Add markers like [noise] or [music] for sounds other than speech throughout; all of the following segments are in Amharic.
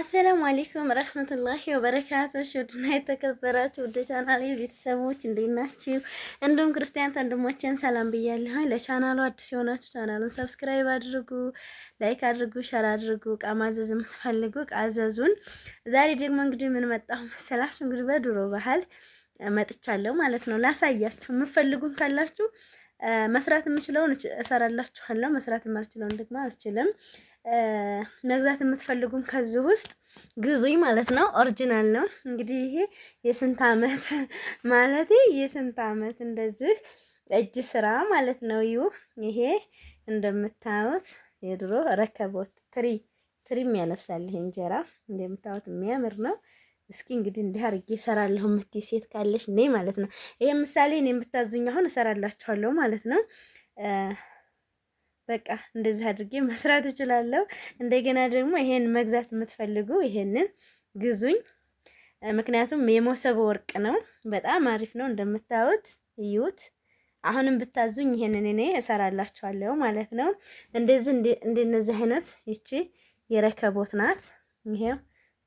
አሰላሙ አሌይኩም ረህመቱላሂ ወበረካቱ ውድና የተከበራችሁ ውድ ቻናሌ ቤተሰቦች እንዴት ናችሁ? እንዲሁም ክርስቲያን ወንድሞቼን ሰላም ብያለሁ። ለቻናሉ አዲስ የሆናችሁ ቻናሉን ሰብስክራይብ አድርጉ፣ ላይክ አድርጉ፣ ሸር አድርጉ። እቃ ማዘዝ የምትፈልጉ እቃ አዘዙን። ዛሬ ደግሞ እንግዲህ ምን መጣሁ መሰላችሁ? እንግዲህ በድሮ ባህል መጥቻለሁ ማለት ነው። ላሳያችሁ የምትፈልጉም ካላችሁ መስራት የምችለውን እሰራላችኋለሁ። መስራት የማልችለውን ደግሞ አልችልም። መግዛት የምትፈልጉም ከዚህ ውስጥ ግዙኝ ማለት ነው። ኦሪጂናል ነው እንግዲህ ይሄ የስንት አመት [laughs] ማለት የስንት አመት እንደዚህ እጅ ስራ ማለት ነው። ይሁ ይሄ እንደምታዩት የድሮ ረከቦት ትሪ ትሪም ያለብሳል። ይሄ እንጀራ እንደምታዩት የሚያምር ነው። እስኪ እንግዲህ እንዲህ አድርጌ እሰራለሁ የምትይ ሴት ካለች ነይ ማለት ነው። ይሄ ምሳሌ እኔ የምታዝኝ አሁን እሰራላችኋለሁ ማለት ነው። በቃ እንደዚህ አድርጌ መስራት እችላለሁ። እንደገና ደግሞ ይሄን መግዛት የምትፈልጉ ይሄንን ግዙኝ። ምክንያቱም የሞሰብ ወርቅ ነው፣ በጣም አሪፍ ነው። እንደምታዩት እዩት። አሁንም ብታዙኝ ይሄንን እኔ እሰራላችኋለሁ ማለት ነው። እንደዚህ እንደነዚህ አይነት ይቺ የረከቦት ናት ይሄው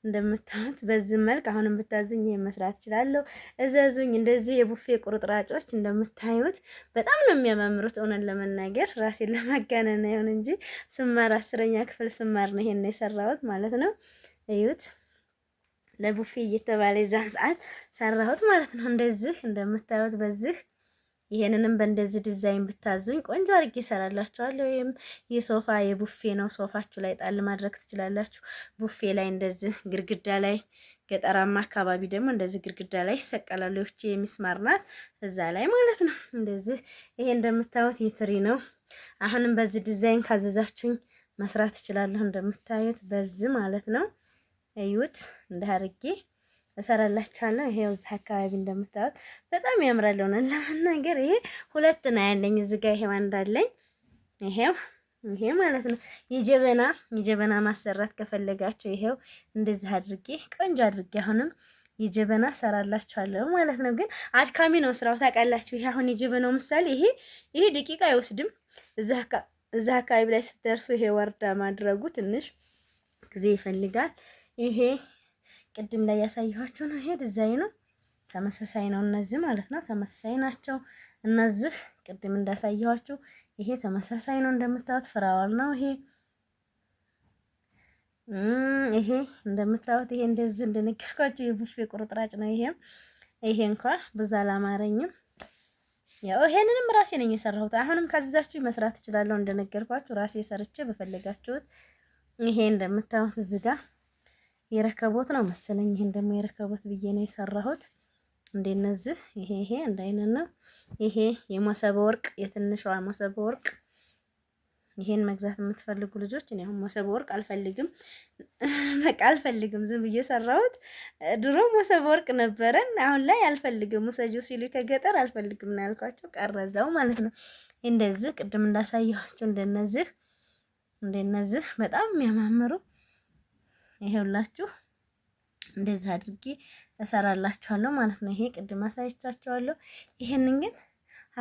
እንደምታዩት በዚህ መልክ አሁን ብታዙኝ ይሄን መስራት እችላለሁ። እዘዙኝ። እንደዚህ የቡፌ ቁርጥራጮች እንደምታዩት በጣም ነው የሚያማምሩት። እውነን ለመናገር ራሴን ለማጋነን አይሆን እንጂ ስማር አስረኛ ክፍል ስማር ነው ይሄን የሰራሁት ማለት ነው። እዩት ለቡፌ እየተባለ የዛን ሰዓት ሰራሁት ማለት ነው። እንደዚህ እንደምታዩት በዚህ ይሄንንም በእንደዚህ ዲዛይን ብታዙኝ ቆንጆ አድርጌ እሰራላችኋለሁ። ወይም የሶፋ የቡፌ ነው። ሶፋችሁ ላይ ጣል ማድረግ ትችላላችሁ። ቡፌ ላይ እንደዚህ ግድግዳ ላይ ገጠራማ አካባቢ ደግሞ እንደዚህ ግድግዳ ላይ ይሰቀላሉ። ይቺ የሚስማር ናት እዛ ላይ ማለት ነው። እንደዚህ ይሄ እንደምታዩት የትሪ ነው። አሁንም በዚህ ዲዛይን ካዘዛችሁኝ መስራት እችላለሁ። እንደምታዩት በዚህ ማለት ነው። እዩት እንዳርጌ እሰራላችኋለሁ። ይሄው እዚህ አካባቢ እንደምታዩት በጣም ያምራል። ሆነን ለመናገር ይሄ ሁለት ነው ያለኝ እዚህ ጋር ይሄው እንዳለኝ ይሄው ይሄ ማለት ነው የጀበና የጀበና ማሰራት ከፈለጋችሁ ይሄው እንደዚህ አድርጌ ቆንጆ አድርጌ አሁንም የጀበና ሰራላችኋለሁ ማለት ነው። ግን አድካሚ ነው ስራው ታውቃላችሁ። ይሄ አሁን የጀበናው ምሳሌ ይሄ ይሄ ደቂቃ አይወስድም። እዛ አካባቢ ላይ ስትደርሱ ይሄ ወርዳ ማድረጉ ትንሽ ጊዜ ይፈልጋል። ይሄ ቅድም ላይ ያሳየኋቸው ነው። ይሄ ነው፣ ተመሳሳይ ነው። እነዚህ ማለት ነው ተመሳሳይ ናቸው። እነዚህ ቅድም እንዳሳየኋችሁ ይሄ ተመሳሳይ ነው። እንደምታዩት ፍራዋል ነው ይሄ ይሄ እንደምታዩት ይሄ እንደዚህ እንደነገርኳቸው የቡፌ ቁርጥራጭ ነው። ይሄም ይሄ እንኳ ብዙ አላማረኝም። ያው ይሄንንም ራሴ ነኝ የሰራሁት። አሁንም ካዘዛችሁ መስራት እችላለሁ። እንደነገርኳችሁ ራሴ ሰርቼ በፈለጋችሁት ይሄ እንደምታዩት እዚህ ጋር የረከቦት ነው መሰለኝ። ይሄን ደግሞ የረከቦት ብዬ ነው የሰራሁት። እንደነዚህ ይሄ ይሄ አንድ ነው። ይሄ የሞሰበ ወርቅ የትንሿ ሞሰበ ወርቅ ይሄን መግዛት የምትፈልጉ ልጆች እኔ አሁን ሞሰብ ወርቅ አልፈልግም፣ በቃ አልፈልግም። ዝም ብዬ ሰራሁት። ድሮ ሞሰብ ወርቅ ነበረን፣ አሁን ላይ አልፈልግም። ሙሰጆ ሲሉ ከገጠር አልፈልግም ነው ያልኳቸው፣ ቀረዛው ማለት ነው። እንደዚህ ቅድም እንዳሳየኋቸው እንደነዚህ እንደነዚህ በጣም የሚያማምሩ ይሄውላችሁ እንደዚህ አድርጌ እሰራላችኋለሁ ማለት ነው። ይሄ ቅድም አሳይቻችኋለሁ። ይሄንን ግን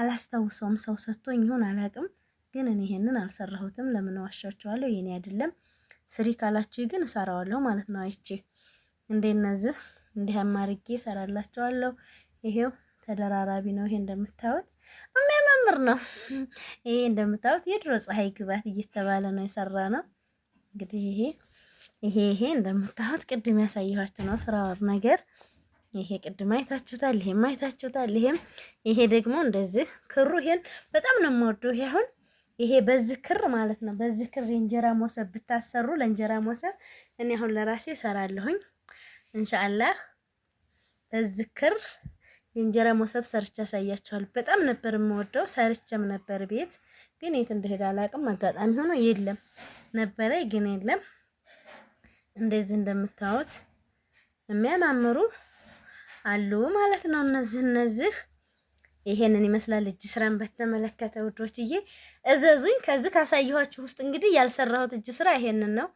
አላስታውሰውም፣ ሰው ሰጥቶኝ ይሁን አላውቅም። ግን እኔ ይሄንን አልሰራሁትም። ለምን ዋሻችኋለሁ? የኔ አይደለም። ስሪ ካላችሁ ግን እሰራዋለሁ ማለት ነው። አይቼ እንደነዚህ እንዲህ አማርጌ እሰራላችኋለሁ። ይሄው ተደራራቢ ነው። ይሄ እንደምታዩት የሚያማምር ነው። ይሄ እንደምታዩት የድሮ ፀሐይ ግባት እየተባለ ነው የሰራ ነው እንግዲህ ይሄ ይሄ ይሄ እንደምታዩት ቅድም ያሳየኋችሁ ነው ፍራወር ነገር። ይሄ ቅድም አይታችሁታል፣ ይሄም አይታችሁታል፣ ይሄም ይሄ ደግሞ እንደዚህ ክሩ ይሄን በጣም ነው የምወደው። ይሄ አሁን ይሄ በዚህ ክር ማለት ነው። በዚህ ክር የእንጀራ ሞሰብ ብታሰሩ ለእንጀራ ሞሰብ እኔ አሁን ለራሴ እሰራለሁኝ ኢንሻአላህ። በዚህ ክር የእንጀራ ሞሰብ ሰርቼ ያሳያችኋል። በጣም ነበር የምወደው፣ ሰርቼም ነበር ቤት ግን የት እንደሄደ አላቅም። አጋጣሚ ሆኖ የለም ነበረ ግን የለም እንደዚህ እንደምታዩት የሚያማምሩ አሉ ማለት ነው። እነዚህ እነዚህ ይሄንን ይመስላል እጅ ስራን በተመለከተ ውዶችዬ፣ እዘዙኝ። ከዚህ ካሳየኋችሁ ውስጥ እንግዲህ ያልሰራሁት እጅ ስራ ይሄንን ነው።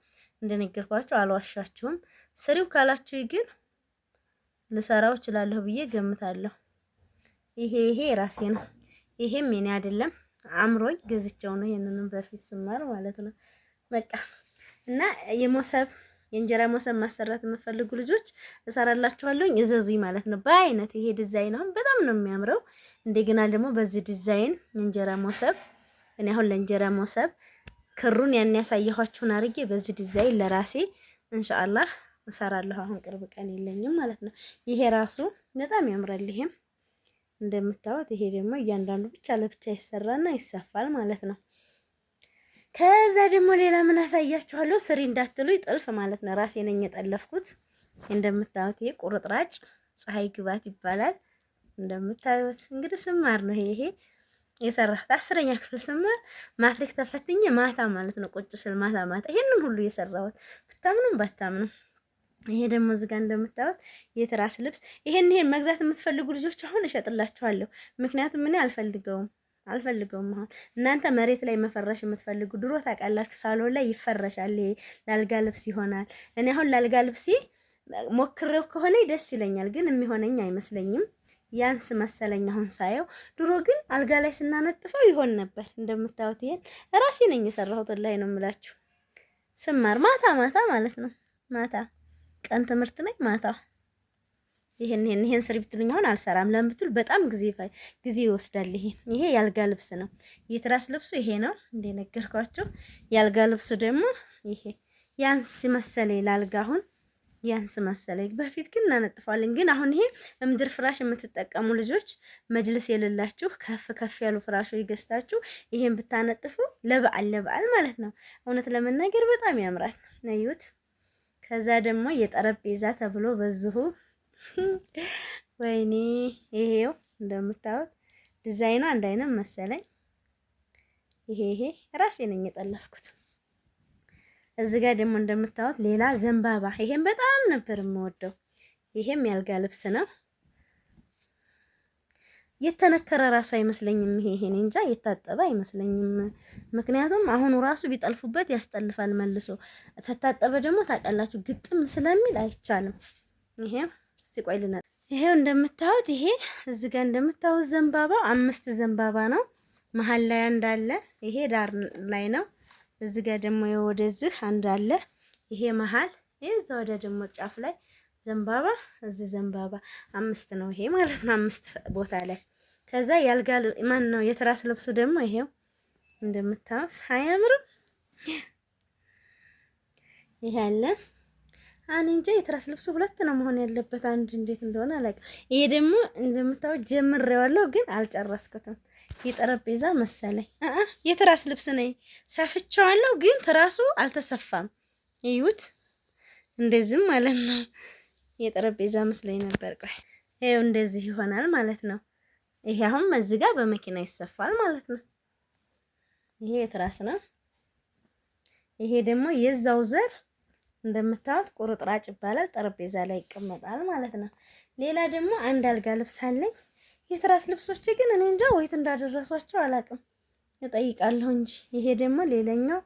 እንደነገርኳችሁ አልዋሻችሁም። ስሪው ካላችሁ ግን ልሰራው እችላለሁ ብዬ ገምታለሁ። ይሄ ይሄ ራሴ ነው። ይሄም የኔ አይደለም፣ አምሮኝ ገዝቼው ነው። ይሄንንም በፊት ስማር ማለት ነው በቃ እና የሞሰብ የእንጀራ መሶብ ማሰራት የምፈልጉ ልጆች እሰራላችኋለሁኝ፣ እዘዙኝ ማለት ነው። በአይነት ይሄ ዲዛይን አሁን በጣም ነው የሚያምረው። እንደገና ደግሞ በዚህ ዲዛይን የእንጀራ መሶብ እኔ አሁን ለእንጀራ መሶብ ክሩን ያን ያሳየኋችሁን አድርጌ በዚህ ዲዛይን ለራሴ እንሻአላህ እሰራለሁ። አሁን ቅርብ ቀን የለኝም ማለት ነው። ይሄ ራሱ በጣም ያምራል። ይሄም እንደምታዩት ይሄ ደግሞ እያንዳንዱ ብቻ ለብቻ ይሰራና ይሰፋል ማለት ነው። ከዛ ደግሞ ሌላ ምን አሳያችኋለሁ። ስሪ እንዳትሉ ጥልፍ ማለት ነው። ራሴ ነኝ የጠለፍኩት። እንደምታዩት ይሄ ቁርጥራጭ ፀሐይ ግባት ይባላል። እንደምታዩት እንግዲህ ስማር ነው ይሄ የሰራሁት አስረኛ ክፍል ስማር ማትሪክ ተፈትኜ ማታ ማለት ነው ቁጭ ስል ማታ ማታ ይሄንን ሁሉ የሰራሁት ብታምኑም ባታምኑም። ይሄ ደግሞ እዚህ ጋር እንደምታዩት የትራስ ልብስ ይሄን ይሄን መግዛት የምትፈልጉ ልጆች አሁን እሸጥላችኋለሁ። ምክንያቱም እኔ አልፈልገውም አልፈልገውም። አሁን እናንተ መሬት ላይ መፈረሽ የምትፈልጉ ድሮ ታውቃላችሁ፣ ሳሎን ላይ ይፈረሻል። ይሄ ላልጋ ልብስ ይሆናል። እኔ አሁን ላልጋ ልብሴ ሞክሬው ከሆነ ደስ ይለኛል፣ ግን የሚሆነኝ አይመስለኝም። ያንስ መሰለኝ አሁን ሳየው። ድሮ ግን አልጋ ላይ ስናነጥፈው ይሆን ነበር። እንደምታዩት ይሄን ራሴ ነኝ የሰራሁት። ላይ ነው የምላችሁ ስማር ማታ ማታ ማለት ነው። ማታ ቀን ትምህርት ነኝ ማታ ይሄን ይሄን ይሄን ስሪ ብትሉኝ አሁን አልሰራም ለምን በጣም ጊዜ ጊዜ ይወስዳል። ይሄ ይሄ ያልጋ ልብስ ነው። የትራስ ልብሱ ይሄ ነው እንደነገርኳችሁ። ያልጋ ልብሱ ደግሞ ይሄ ያንስ መሰለኝ ላልጋ አሁን ያንስ መሰለኝ። በፊት ግን እናነጥፋለን። ግን አሁን ይሄ ምድር ፍራሽ የምትጠቀሙ ልጆች መጅልስ የሌላችሁ ከፍ ከፍ ያሉ ፍራሾች ገዝታችሁ ይሄን ብታነጥፉ ለበዓል ለበዓል ማለት ነው እውነት ለመናገር በጣም ያምራል። ነዩት። ከዛ ደግሞ የጠረጴዛ ተብሎ በዚሁ [laughs] ወይኔ ይሄው እንደምታዩት ዲዛይኑ አንድ አይነት መሰለኝ። ይሄ ይሄ ራሴ ነኝ የጠለፍኩት። እዚህ ጋር ደግሞ እንደምታዩት ሌላ ዘንባባ፣ ይሄም በጣም ነበር የምወደው። ይሄም ያልጋ ልብስ ነው። የተነከረ ራሱ አይመስለኝም። ይሄ ይሄ እንጃ የታጠበ አይመስለኝም። ምክንያቱም አሁኑ ራሱ ቢጠልፉበት ያስጠልፋል መልሶ። ተታጠበ ደግሞ ታውቃላችሁ ግጥም ስለሚል አይቻልም። ይሄም ቆይ ይሄው እንደምታዩት ይሄ እዚህ ጋር እንደምታዩት ዘንባባ አምስት ዘንባባ ነው። መሀል ላይ አንድ አለ። ይሄ ዳር ላይ ነው። እዚህ ጋር ደግሞ ወደዚህ አንድ አለ። ይሄ መሀል ይሄ እዛ ወደ ደግሞ ጫፍ ላይ ዘንባባ እዚህ ዘንባባ አምስት ነው። ይሄ ማለት ነው አምስት ቦታ ላይ ከዛ ያልጋ ማን ነው የትራስ ልብሱ ደግሞ ይሄው እንደምታዩት አያምርም? ይሄ አለ እኔ እንጃ የትራስ ልብሱ ሁለት ነው መሆን ያለበት፣ አንድ እንዴት እንደሆነ አላውቅም። ይሄ ደግሞ ጀምር ጀምሬዋለሁ ግን አልጨረስኩትም። የጠረጴዛ መሰለኝ የትራስ ልብስ ነኝ። ሰፍቼዋለሁ ግን ትራሱ አልተሰፋም። እዩት፣ እንደዚህም ማለት ነው። የጠረጴዛ መስለኝ ነበር። ቆይ ይኸው እንደዚህ ይሆናል ማለት ነው። ይሄ አሁን መዝጋ በመኪና ይሰፋል ማለት ነው። ይሄ የትራስ ነው። ይሄ ደግሞ የዛው ዘር እንደምታዩት ቁርጥራጭ ይባላል። ጠረጴዛ ላይ ይቀመጣል ማለት ነው። ሌላ ደግሞ አንድ አልጋ ልብስ አለኝ። የትራስ ልብሶች ግን እኔ እንጃ ወይት እንዳደረሷቸው አላውቅም፣ እጠይቃለሁ እንጂ። ይሄ ደግሞ ሌላኛው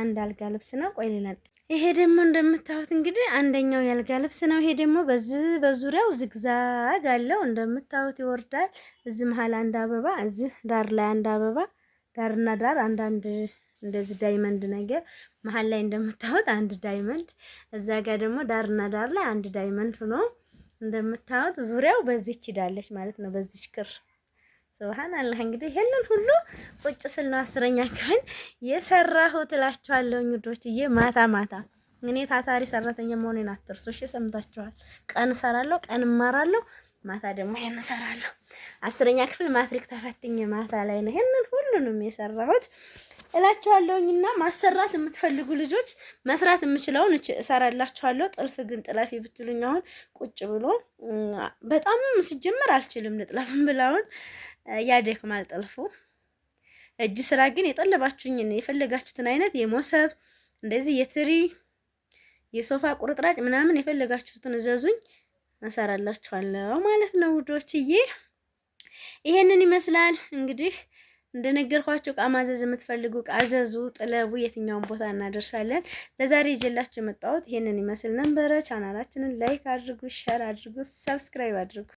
አንድ አልጋ ልብስ ነው። ቆይ ሌላ ይሄ ደግሞ እንደምታዩት እንግዲህ አንደኛው የአልጋ ልብስ ነው። ይሄ ደግሞ በዚህ በዙሪያው ዝግዛግ አለው እንደምታዩት ይወርዳል። እዚህ መሀል አንድ አበባ፣ እዚህ ዳር ላይ አንድ አበባ፣ ዳርና ዳር አንዳንድ እንደዚህ ዳይመንድ ነገር መሀል ላይ እንደምታዩት አንድ ዳይመንድ፣ እዛ ጋር ደግሞ ዳርና ዳር ላይ አንድ ዳይመንድ ሆኖ እንደምታዩት ዙሪያው በዚች ሂዳለች ማለት ነው። በዚች ክር ስብሃን እንግዲህ ይሄንን ሁሉ ቁጭ ስል ነው አስረኛ ክፍል የሰራሁት እላችኋለሁ ውዶችዬ። ማታ ማታ እኔ ታታሪ ሰራተኛ መሆኔን አትርሱ እሺ። ሰምታችኋል። ቀን እሰራለሁ፣ ቀን እማራለሁ፣ ማታ ደግሞ ይሄን እሰራለሁ። አስረኛ ክፍል ማትሪክ ተፈትኜ ማታ ላይ ነው ይሄንን ሁሉንም የሰራሁት። እላችኋለሁኝና ማሰራት የምትፈልጉ ልጆች መስራት የምችለውን እሰራላችኋለሁ። ጥልፍ ግን ጥለፊ ብትሉኝ አሁን ቁጭ ብሎ በጣም ስጀምር አልችልም። ልጥለፍም [laughs] ብላውን ያደክማል ጥልፉ። እጅ ስራ ግን የጠለባችሁኝን የፈለጋችሁትን አይነት የሞሰብ እንደዚህ የትሪ የሶፋ ቁርጥራጭ ምናምን የፈለጋችሁትን እዘዙኝ እሰራላችኋለሁ ማለት ነው ውዶችዬ። ይሄንን ይመስላል እንግዲህ እንደነገርኳችሁ እቃ ማዘዝ የምትፈልጉ ቃዘዙ ጥለቡ፣ የትኛውን ቦታ እናደርሳለን። ለዛሬ ይዤላችሁ የመጣሁት ይህንን ይመስል ነበረ። ቻናላችንን ላይክ አድርጉ፣ ሸር አድርጉ፣ ሰብስክራይብ አድርጉ።